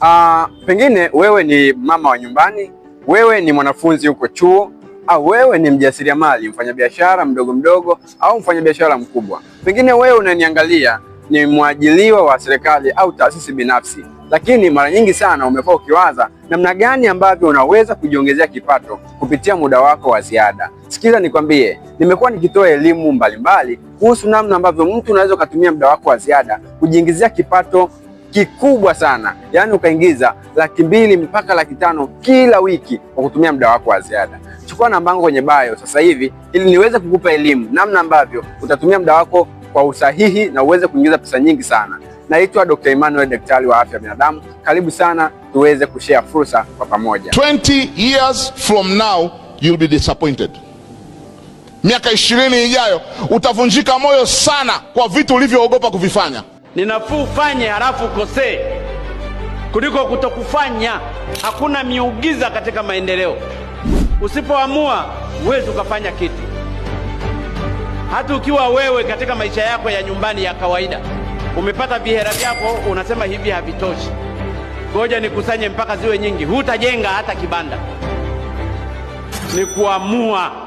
Uh, pengine wewe ni mama wa nyumbani, wewe ni mwanafunzi huko chuo, au wewe ni mjasiriamali, mfanyabiashara mdogo mdogo au mfanyabiashara mkubwa. Pengine wewe unaniangalia ni mwajiliwa wa serikali au taasisi binafsi, lakini mara nyingi sana umekuwa ukiwaza namna gani ambavyo unaweza kujiongezea kipato kupitia muda wako wa ziada. Sikiza nikwambie, nimekuwa nikitoa elimu mbalimbali kuhusu namna ambavyo mtu unaweza ukatumia muda wako wa ziada kujiingizia kipato kikubwa sana, yaani ukaingiza laki mbili mpaka laki tano kila wiki kwa kutumia muda wako wa ziada. Chukua namba yangu kwenye bio sasa hivi ili niweze kukupa elimu namna ambavyo utatumia muda wako kwa usahihi na uweze kuingiza pesa nyingi sana. Naitwa Dr. Emmanuel, daktari wa afya ya binadamu. Karibu sana tuweze kushare fursa kwa pamoja. 20 years from now you'll be disappointed. Miaka ishirini ijayo utavunjika moyo sana kwa vitu ulivyoogopa kuvifanya. Ni nafuu ufanye halafu ukosee kuliko kutokufanya. Hakuna miugiza katika maendeleo. Usipoamua huwezi ukafanya kitu, hata ukiwa wewe katika maisha yako ya nyumbani ya kawaida umepata vihela vyako, unasema hivi havitoshi, ngoja nikusanye mpaka ziwe nyingi. Hutajenga hata kibanda, ni kuamua.